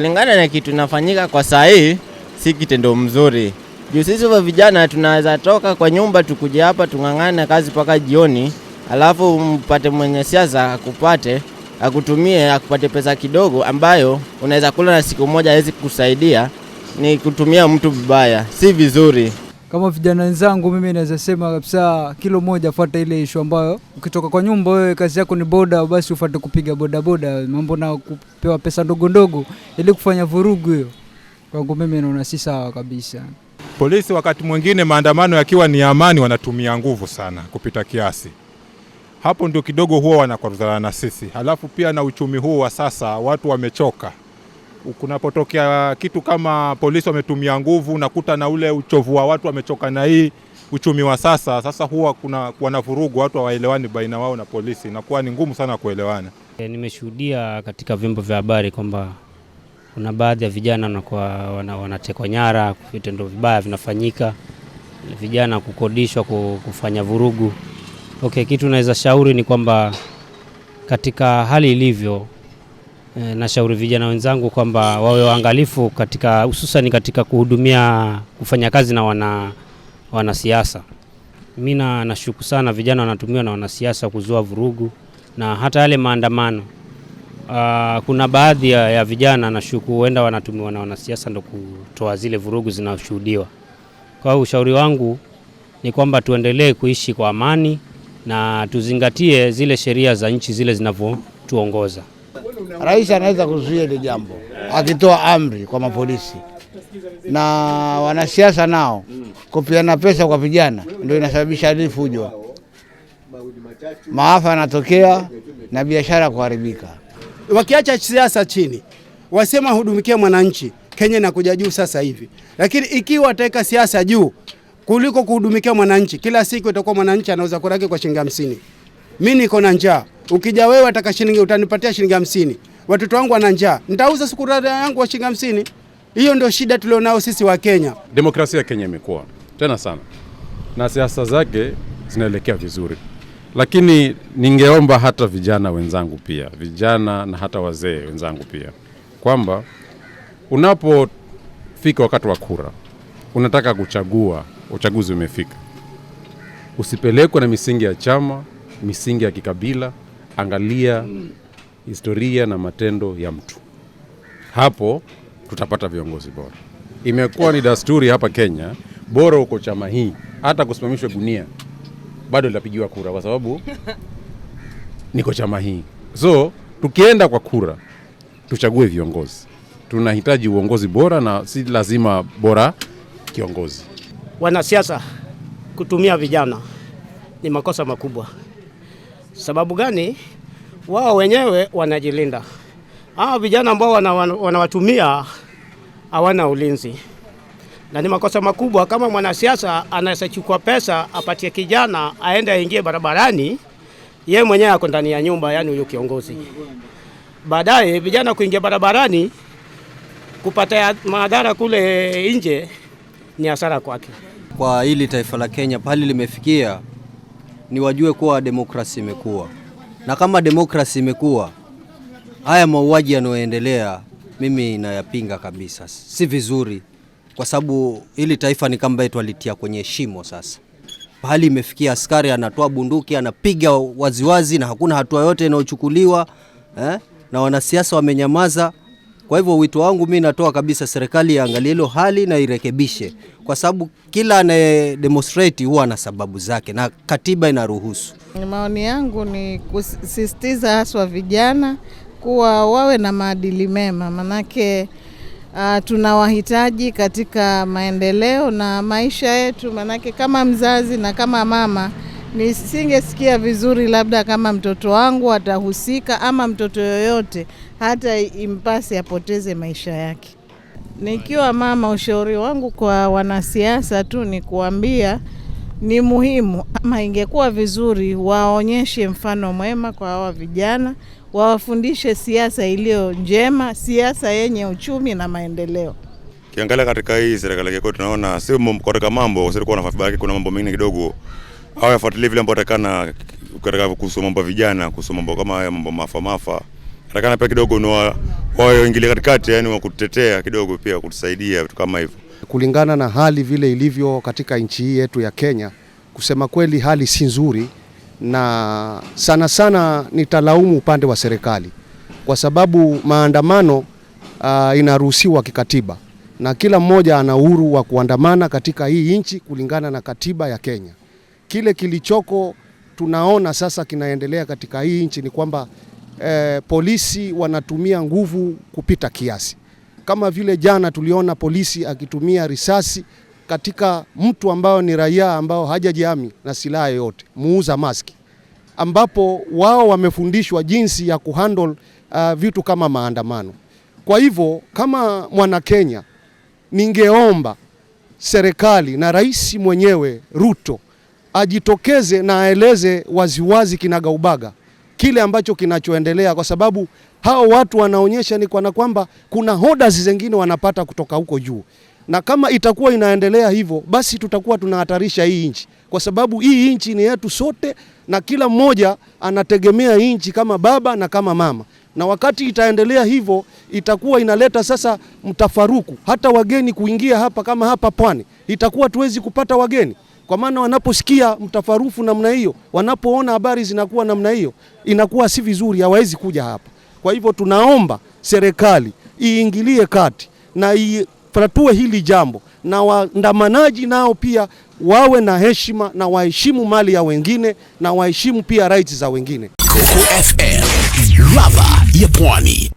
kulingana na kitu inafanyika kwa saa hii, si kitendo mzuri juu sisi wa vijana tunaweza toka kwa nyumba tukuje hapa tung'ang'ane kazi mpaka jioni, alafu mpate mwenye siasa akupate akutumie akupate pesa kidogo ambayo unaweza kula na siku moja hawezi kusaidia. Ni kutumia mtu vibaya, si vizuri. Kama vijana wenzangu, mimi naweza sema kabisa, kilo moja, fuata ile ishu ambayo ukitoka kwa nyumba wewe kazi yako ni boda, basi ufuate kupiga bodaboda, mambo na kupewa pesa ndogo ndogo ili kufanya vurugu. Hiyo kwangu mimi naona si sawa kabisa. Polisi wakati mwingine maandamano yakiwa ni amani, wanatumia nguvu sana kupita kiasi. Hapo ndio kidogo huwa wanakwaruzana na sisi, halafu pia na uchumi huu wa sasa, watu wamechoka kunapotokea kitu kama polisi wametumia nguvu, nakuta na ule uchovu wa watu wamechoka na hii uchumi wa sasa. Sasa huwa kuna kuwa na vurugu, watu hawaelewani baina wao na polisi, inakuwa ni ngumu sana kuelewana. E, nimeshuhudia katika vyombo vya habari kwamba kuna baadhi ya vijana wanakuwa wanatekwa nyara, vitendo vibaya vinafanyika, vijana kukodishwa kufanya vurugu. Okay, kitu naweza shauri ni kwamba katika hali ilivyo Eh, nashauri vijana wenzangu kwamba wawe waangalifu katika hususan katika kuhudumia kufanya kazi na wana wanasiasa. Mimi na nashuku sana vijana wanatumiwa na wanasiasa kuzua vurugu na hata yale maandamano. Uh, kuna baadhi ya, ya vijana nashuku huenda wanatumiwa na wanasiasa ndo kutoa zile vurugu zinashuhudiwa. Kwa hiyo ushauri wangu ni kwamba tuendelee kuishi kwa amani na tuzingatie zile sheria za nchi zile zinavyotuongoza. Rais anaweza kuzuia ile jambo akitoa amri kwa mapolisi na wanasiasa nao kupiana pesa kwa vijana, ndio inasababisha hili fujo, maafa yanatokea na biashara kuharibika. Wakiacha siasa chini, wasema hudumikia mwananchi, Kenya inakuja juu sasa hivi, lakini ikiwa wataweka siasa juu kuliko kuhudumikia mwananchi, kila siku itakuwa mwananchi anauza koraki kwa shilingi hamsini. Mimi niko na njaa. Ukija wewe utaka shilingi, utanipatia shilingi hamsini. Watoto wangu wana njaa, nitauza sukari yangu wa shilingi hamsini. Hiyo ndio shida tulionao sisi wa Kenya. Demokrasia ya Kenya imekuwa tena sana na siasa zake zinaelekea vizuri, lakini ningeomba hata vijana wenzangu pia, vijana na hata wazee wenzangu pia, kwamba unapofika wakati wa kura, unataka kuchagua, uchaguzi umefika, usipelekwe na misingi ya chama, misingi ya kikabila angalia mm. historia na matendo ya mtu, hapo tutapata viongozi bora. Imekuwa ni dasturi hapa Kenya, bora uko chama hii, hata kusimamishwa gunia bado litapigiwa kura, kwa sababu niko chama hii. So tukienda kwa kura, tuchague viongozi. Tunahitaji uongozi bora, na si lazima bora kiongozi. Wanasiasa kutumia vijana ni makosa makubwa. Sababu gani? Wao wenyewe wanajilinda. Hao vijana ambao wanawatumia wana hawana ulinzi, na ni makosa makubwa. Kama mwanasiasa anaweza pesa apatie kijana aende aingie barabarani, ye mwenyewe ako ndani ya nyumba, yani huyo kiongozi. Baadaye vijana kuingia barabarani kupata madhara kule nje ni hasara kwake. Kwa hili taifa la Kenya pahali limefikia ni wajue kuwa demokrasi imekuwa, na kama demokrasi imekuwa, haya mauaji yanayoendelea mimi nayapinga kabisa, si vizuri, kwa sababu hili taifa ni kama twalitia kwenye shimo sasa. Pahali imefikia, askari anatoa bunduki anapiga waziwazi, na hakuna hatua yote inayochukuliwa eh? na wanasiasa wamenyamaza. Kwa hivyo wito wangu mimi natoa kabisa, serikali iangalie hilo hali na irekebishe, kwa sababu kila anaye demonstrate huwa na sababu zake na katiba inaruhusu. Maoni yangu ni kusisitiza haswa vijana kuwa wawe na maadili mema, manake uh, tunawahitaji katika maendeleo na maisha yetu, manake kama mzazi na kama mama nisingesikia vizuri, labda kama mtoto wangu atahusika ama mtoto yoyote, hata impasi apoteze maisha yake. Nikiwa mama, ushauri wangu kwa wanasiasa tu ni kuambia ni muhimu ama ingekuwa vizuri waonyeshe mfano mwema kwa hawa vijana, wawafundishe siasa iliyo njema, siasa yenye uchumi na maendeleo. Kiangalia katika hii serikali yetu tunaona sio katika mambo serikali kuna mambo mengine kidogo hawa yafuatilie vile ambao atakana ukataka kuhusu mambo vijana, kuhusu mambo kama haya, mambo mafa mafa, atakana pia kidogo ni wao waingilie katikati, yani wakutetea kidogo, pia kutusaidia vitu kama hivyo, kulingana na hali vile ilivyo katika nchi hii yetu ya Kenya. Kusema kweli, hali si nzuri, na sana sana nitalaumu upande wa serikali kwa sababu maandamano uh, inaruhusiwa kikatiba na kila mmoja ana uhuru wa kuandamana katika hii nchi kulingana na katiba ya Kenya. Kile kilichoko tunaona sasa kinaendelea katika hii nchi ni kwamba eh, polisi wanatumia nguvu kupita kiasi, kama vile jana tuliona polisi akitumia risasi katika mtu ambao ni raia ambao hajajihami na silaha yoyote, muuza maski, ambapo wao wamefundishwa jinsi ya kuhandle uh, vitu kama maandamano. Kwa hivyo kama mwana Kenya, ningeomba serikali na rais mwenyewe Ruto ajitokeze na aeleze waziwazi kinagaubaga kile ambacho kinachoendelea, kwa sababu hao watu wanaonyesha ni kana kwamba kuna hodas zingine wanapata kutoka huko juu, na kama itakuwa inaendelea hivyo, basi tutakuwa tunahatarisha hii nchi, kwa sababu hii nchi ni yetu sote, na kila mmoja anategemea hii nchi kama baba na kama mama na wakati itaendelea hivyo itakuwa inaleta sasa mtafaruku, hata wageni kuingia hapa. Kama hapa pwani itakuwa tuwezi kupata wageni kwa maana wanaposikia mtafarufu namna hiyo, wanapoona habari zinakuwa namna hiyo, inakuwa si vizuri, hawawezi kuja hapa. Kwa hivyo tunaomba serikali iingilie kati na ifatue hili jambo, na waandamanaji nao pia wawe na heshima na waheshimu mali ya wengine na waheshimu pia rights za wengine. Coco FM, ladha ya Pwani.